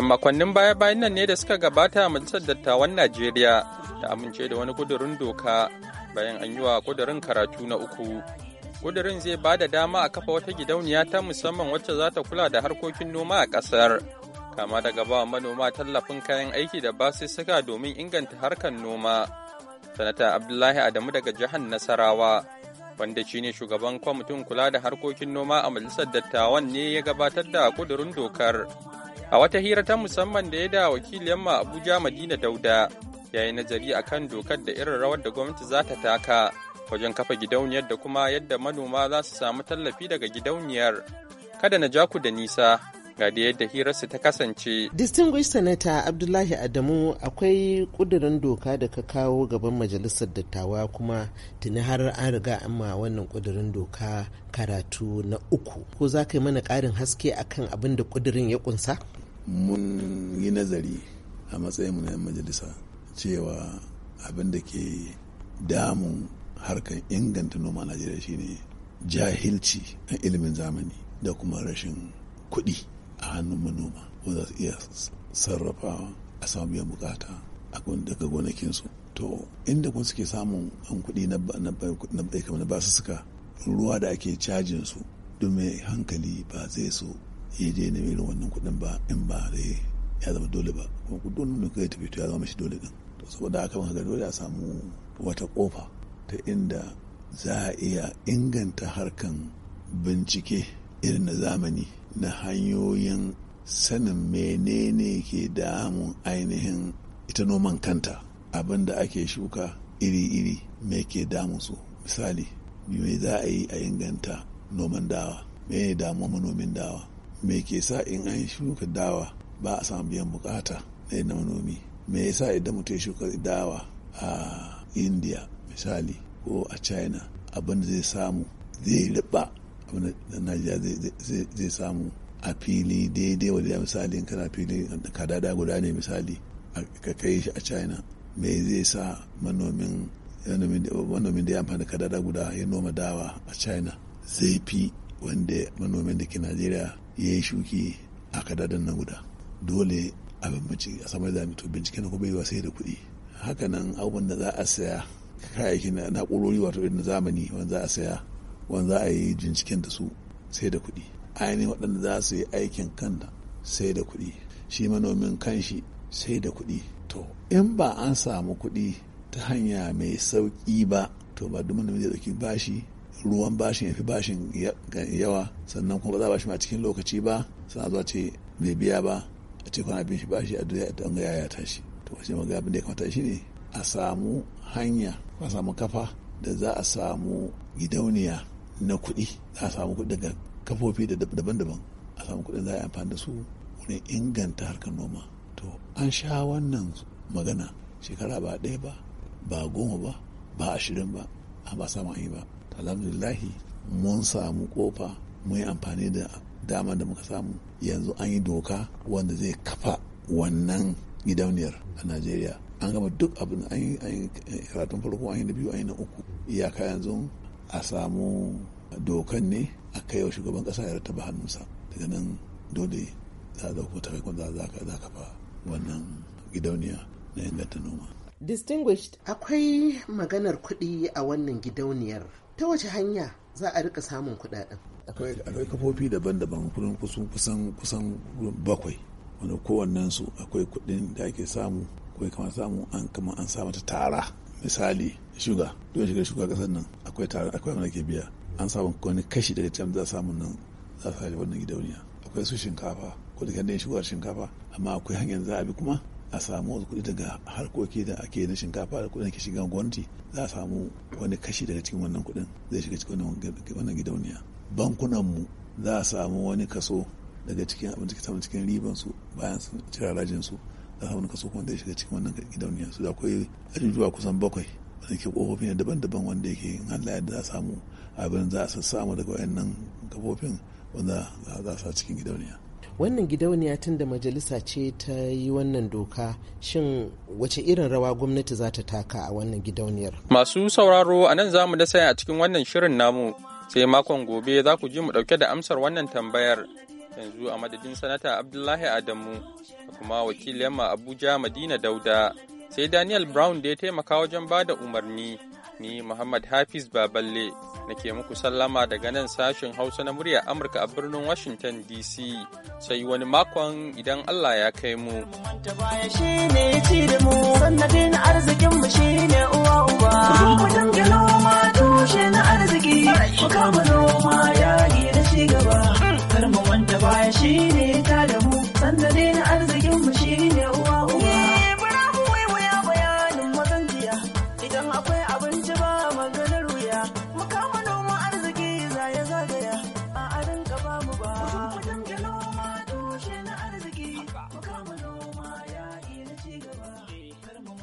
A makonnin baya-bayan nan ne da suka gabata majalisar dattawan Najeriya ta amince da wani kudurin doka bayan an yi wa kudurin karatu na uku. Kudurin zai ba da dama a kafa wata gidauniya ta musamman wacce za ta kula da harkokin noma a kasar Kama daga ba manoma tallafin kayan aiki da ba suka domin inganta harkar noma. Sanata Abdullahi Adamu daga jihar Nasarawa, wanda shine shugaban kwamitin kula da harkokin noma a majalisar dattawan ne ya gabatar da kudurin dokar. A wata hira ta musamman da ya da wakiliyar ma Abuja Madina Dauda ya yi nazari a kan dokar da irin rawar da gwamnati za ta taka wajen kafa gidauniyar da kuma yadda manoma za su samu tallafi daga gidauniyar. Kada na ja ku da nisa ga da yadda hirarsu ta kasance. Distinguished Senator Abdullahi Adamu akwai kudirin doka da ka kawo gaban majalisar dattawa kuma tuni har an riga an ma wannan kudirin doka karatu na uku. Ko za ka yi mana ƙarin haske akan abin da kudirin ya kunsa? Mun yi nazari a matsayin mu na majalisa cewa abin da ke damun harkar inganta noma Najeriya shine jahilci a ilimin zamani da kuma rashin kuɗi. a hannun manoma ko za su iya sarrafawa a samu biyan bukata a daga gonakinsu to inda kun suke samun an kuɗi na bai kamar ba su suka ruwa da ake cajin su don mai hankali ba zai so ya je na mai wannan kuɗin ba in ba zai ya zama dole ba kuma kudin nuna kai tafi to ya zama shi dole din to saboda haka ban ga dole a samu wata kofa ta inda za a iya inganta harkan bincike irin na zamani na hanyoyin sanin menene ke damun ainihin ita noman kanta abin da ake shuka iri-iri me ke damun su misali me za a yi a inganta noman dawa me ne damun manomin dawa me ke sa in an shuka dawa ba a samu biyan bukata na na manomi me yasa idan mutum ya shuka dawa a india misali ko a china abin zai samu zai riba abin da najeriya zai samu a fili daidai wadda misali in kana fili ka dada guda ne misali ka kai shi a china me zai sa manomin manomin da ya amfani kadada guda ya noma dawa a china zai fi wanda manomin da ke najeriya ya yi shuki a kadadan na guda dole a bambanci a samar da mutu bincike na kuma yi sai da kuɗi hakanan abubuwan da za a saya kayayyakin na'urori wato irin zamani wanda za a saya wanda za a yi jinciken da su sai da kuɗi ainihin waɗanda za su yi aikin da, sai da kuɗi shi manomin shi, sai da kuɗi to in ba an samu kuɗi ta hanya mai sauƙi ba to ba duk manomin zai ɗauki bashi ruwan bashin ya fi bashin yawa sannan kuma ba za a bashi ma cikin lokaci ba sannan zuwa ce bai biya ba a ce kwana bin shi bashi a duniya idan ga yaya tashi to wace maga abin da ya kamata shi ne a samu hanya a samu kafa da za a samu gidauniya na kuɗi za a samu kuɗi daga kafofi daban-daban a samu kuɗin za a yi amfani da su wani inganta harkar noma to an sha wannan magana shekara ba ɗaya ba ba goma ba ba ashirin ba a ba samu yi ba alhamdulillahi mun samu kofa mun yi amfani da dama da muka samu yanzu an yi doka wanda zai kafa wannan gidauniyar a najeriya an gama duk abin an yi eh, karatun farko an yi na biyu an yi na uku iyaka yanzu a samu dokan ne a kai wa shugaban kasa ya rataba hannunsa daga nan dole za a dauko ta kai za ka za ka fa wannan gidauniya na inganta noma distinguished akwai maganar kuɗi a wannan gidauniyar ta wace hanya za a rika samun kuɗaɗen akwai kafofi daban-daban kudin kusan kusan kusan bakwai wanda kowannensu akwai kuɗin da ake samu akwai kama samu an kama an samu ta tara misali shuga duk shiga shuga kasar nan akwai tare akwai wanda ke biya an samu wani kashi daga can za samu nan za su wannan gidauniya akwai su shinkafa ko da kan shugar shinkafa amma akwai hanyar za a bi kuma a samu wasu kuɗi daga harkoki da ake na shinkafa da kuɗin ke shiga gwamnati za a samu wani kashi daga cikin wannan kuɗin zai shiga cikin wannan gidauniya bankunanmu za a samu wani kaso daga cikin abin da ke cikin ribansu bayan sun cira su za wani kaso kuma da ya shiga cikin wannan gidauniya su da akwai ajujuwa kusan bakwai wanda ke kofofi ne daban-daban wanda yake in Allah yadda za a samu abin za a samu daga wayannan kafofin wanda za a sa cikin gidauniya. wannan gidauniya tun da majalisa ce ta yi wannan doka shin wace irin rawa gwamnati za ta taka a wannan gidauniyar masu sauraro a nan za mu da a cikin wannan shirin namu sai makon gobe za ku ji mu dauke da amsar wannan tambayar yanzu a madadin sanata abdullahi adamu da kuma wakilin ma abuja madina dauda sai daniel brown da ya taimaka wajen ba da umarni ni muhammad hafiz baballe na ke muku sallama daga nan sashen hausa na murya amurka a birnin washington dc sai wani makon idan allah ya kai mu Mu kama noma yayi Look how